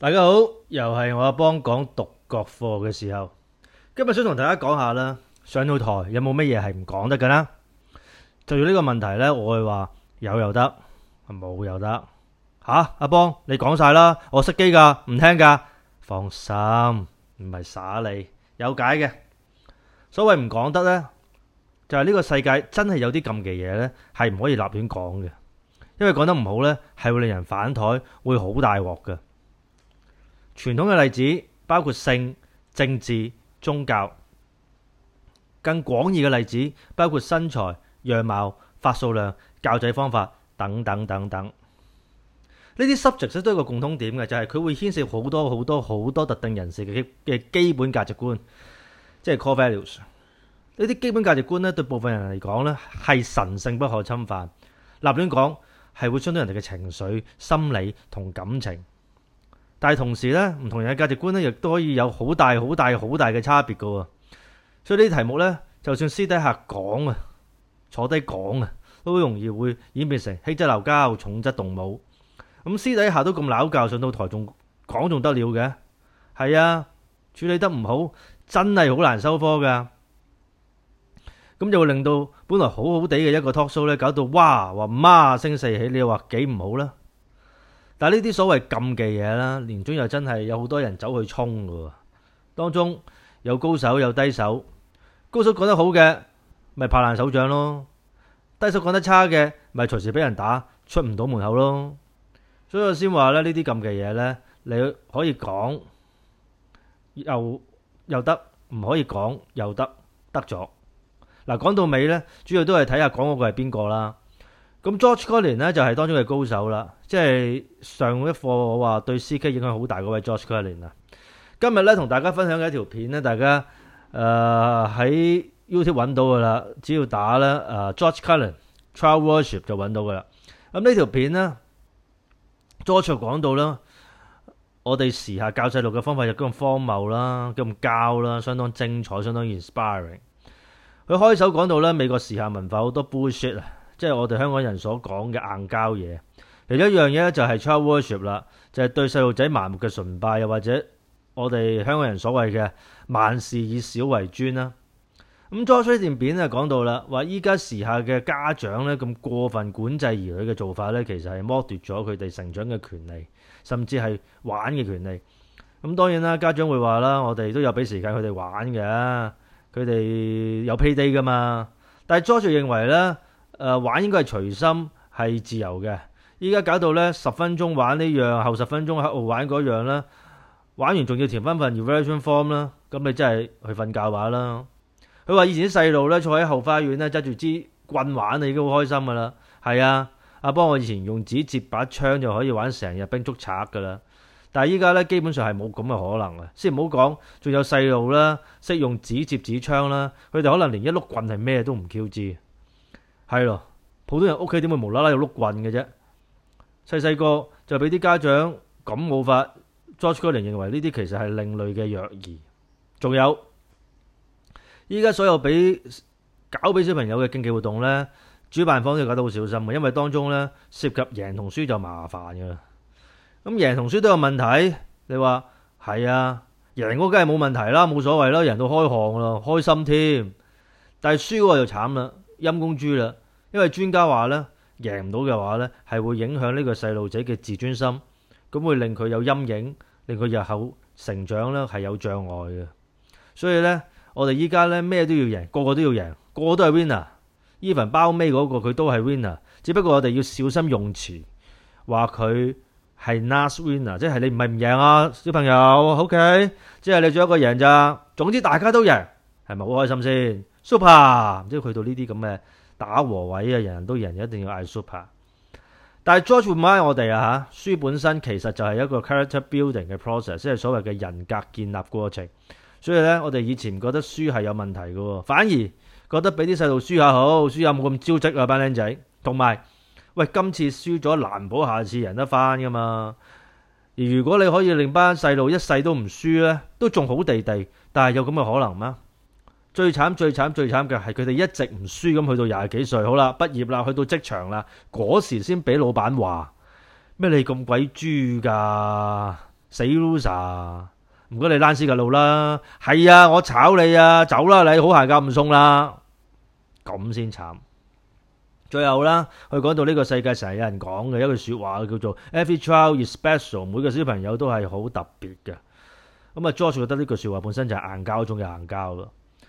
大家好，又係我阿邦講獨角課嘅時候。今日想同大家講下啦，上到台有冇乜嘢係唔講得㗎啦？就要呢個問題呢，我會話有又得，冇又得吓、啊。阿邦，你講晒啦，我熄機㗎，唔聽㗎。放心，唔係耍你，有解嘅。所謂唔講得呢，就係、是、呢個世界真係有啲咁嘅嘢呢，係唔可以立亂講嘅，因為講得唔好呢，係會令人反台，會好大鑊㗎。傳統嘅例子包括性、政治、宗教；更廣義嘅例子包括身材、樣貌、髮數量、教仔方法等等等等。呢啲 subject 都有一個共通點嘅，就係佢會牽涉好多好多好多特定人士嘅嘅基本價值觀，即係 core values。呢啲基本價值觀咧，對部分人嚟講咧，係神聖不可侵犯。立亂講係會傷到人哋嘅情緒、心理同感情。但係同時咧，唔同人嘅價值觀咧，亦都可以有好大、好大、好大嘅差別噶喎。所以呢啲題目咧，就算私底下講啊，坐低講啊，都好容易會演變成輕則鬧交，重則動武。咁私底下都咁鬧交，上到台仲講仲得了嘅？係啊，處理得唔好，真係好難收科噶。咁就會令到本來好好地嘅一個 talk show 咧，搞到哇話媽聲四起，你又話幾唔好啦？但係呢啲所謂禁忌嘢啦，年中又真係有好多人走去衝嘅喎，當中有高手有低手，高手講得好嘅，咪拍爛手掌咯；低手講得差嘅，咪隨時俾人打出唔到門口咯。所以我先話咧，呢啲禁忌嘢咧，你可以講又又得，唔可以講又得，得咗。嗱，講到尾咧，主要都係睇下講嗰個係邊個啦。咁 George Carlin 呢，就係當中嘅高手啦，即係上一課我話對 CK 影響好大嗰位 George Carlin 啦。今日咧同大家分享嘅一條片呢，大家誒喺、呃、YouTube 揾到噶啦，只要打咧誒、呃、George Carlin Child Worship 就揾到噶啦。咁呢條片呢 George 講到啦我哋時下教細路嘅方法就咁荒謬啦，咁教啦，相當精彩，相當 inspiring。佢開手講到咧，美國時下文化好多 bullshit 啊！即係我哋香港人所講嘅硬膠嘢，另一樣嘢咧就係 child worship 啦，就係、是、對細路仔盲目嘅崇拜，又或者我哋香港人所謂嘅萬事以小為尊啦。咁 George 呢段片就講到啦，話依家時下嘅家長咧咁過分管制兒女嘅做法咧，其實係剝奪咗佢哋成長嘅權利，甚至係玩嘅權利。咁當然啦，家長會話啦，我哋都有俾時間佢哋玩嘅，佢哋有 payday 嘅嘛。但係 George 認為咧。誒、呃、玩應該係隨心係自由嘅，依家搞到咧十分鐘玩呢樣，後十分鐘喺度玩嗰樣啦，玩完仲要填翻份 evaluation form 啦，啊，咁你真係去瞓覺下啦。佢話以前啲細路咧坐喺後花園咧揸住支棍玩你已經好開心噶啦。係啊，阿伯我以前用紙摺把槍就可以玩成日兵捉賊噶啦，但係依家咧基本上係冇咁嘅可能啊。先唔好講，仲有細路啦，識用紙摺紙槍啦，佢哋可能連一碌棍係咩都唔 Q 知。係咯，普通人屋企點會無啦啦有碌棍嘅啫？細細個就俾啲家長咁冇法。George Carlin 認為呢啲其實係另類嘅虐兒。仲有，依家所有俾搞俾小朋友嘅競技活動咧，主辦方都搞得好小心嘅，因為當中咧涉及贏同輸就麻煩㗎喇。咁贏同輸都有問題，你話係啊？贏嗰個梗係冇問題啦，冇所謂啦，贏到開巷啦開心添。但係輸嗰就慘啦。陰公豬啦，因為專家話咧，贏唔到嘅話咧，係會影響呢個細路仔嘅自尊心，咁會令佢有陰影，令佢日後成長咧係有障礙嘅。所以咧，我哋依家咧咩都要贏，個個都要贏，個個都係 winner。Even 包尾嗰個佢都係 winner，只不過我哋要小心用詞，話佢係 last winner，即係你唔係唔贏啊，小朋友，OK，即係你最後一個贏咋。總之大家都贏，係咪好開心先？super 即係去到呢啲咁嘅打和位啊，人人都人一定要嗌 super。但係 George remind 我哋啊，吓，輸本身其實就係一個 character building 嘅 process，即係所謂嘅人格建立過程。所以咧，我哋以前覺得輸係有問題嘅，反而覺得俾啲細路輸下好，輸又冇咁招積啊班僆仔。同埋，喂，今次輸咗難保下次贏得翻噶嘛。而如果你可以令班細路一世都唔輸咧，都仲好地地，但係有咁嘅可能咩？最慘最慘最慘嘅係佢哋一直唔輸咁去到廿幾歲，好啦，畢業啦，去到職場啦，嗰時先俾老闆話咩？什麼你咁鬼豬噶，死 loser！唔該你躝屍噶路啦，係啊，我炒你啊，走啦，你好行架唔送啦，咁先慘。最後啦，佢講到呢個世界成日有人講嘅一句說話叫做 Every child is special，每個小朋友都係好特別嘅。咁啊，George 覺得呢句說話本身就係硬膠中嘅硬膠咯。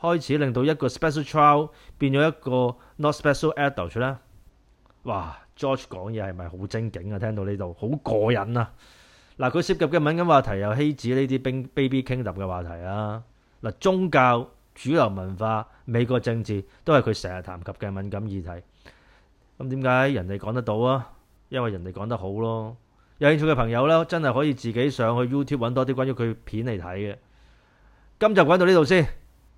開始令到一個 special child 變咗一個 not special adult 啦。哇，George 講嘢係咪好精警啊？聽到呢度好過癮啊！嗱，佢涉及嘅敏感話題又豈止呢啲 Baby Kingdom 嘅話題啊！嗱，宗教、主流文化、美國政治都係佢成日談及嘅敏感議題。咁點解人哋講得到啊？因為人哋講得好咯。有興趣嘅朋友咧，真係可以自己上去 YouTube 揾多啲關於佢片嚟睇嘅。今集講到呢度先。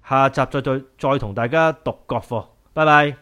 下集再再再同大家讀獨角課，拜拜。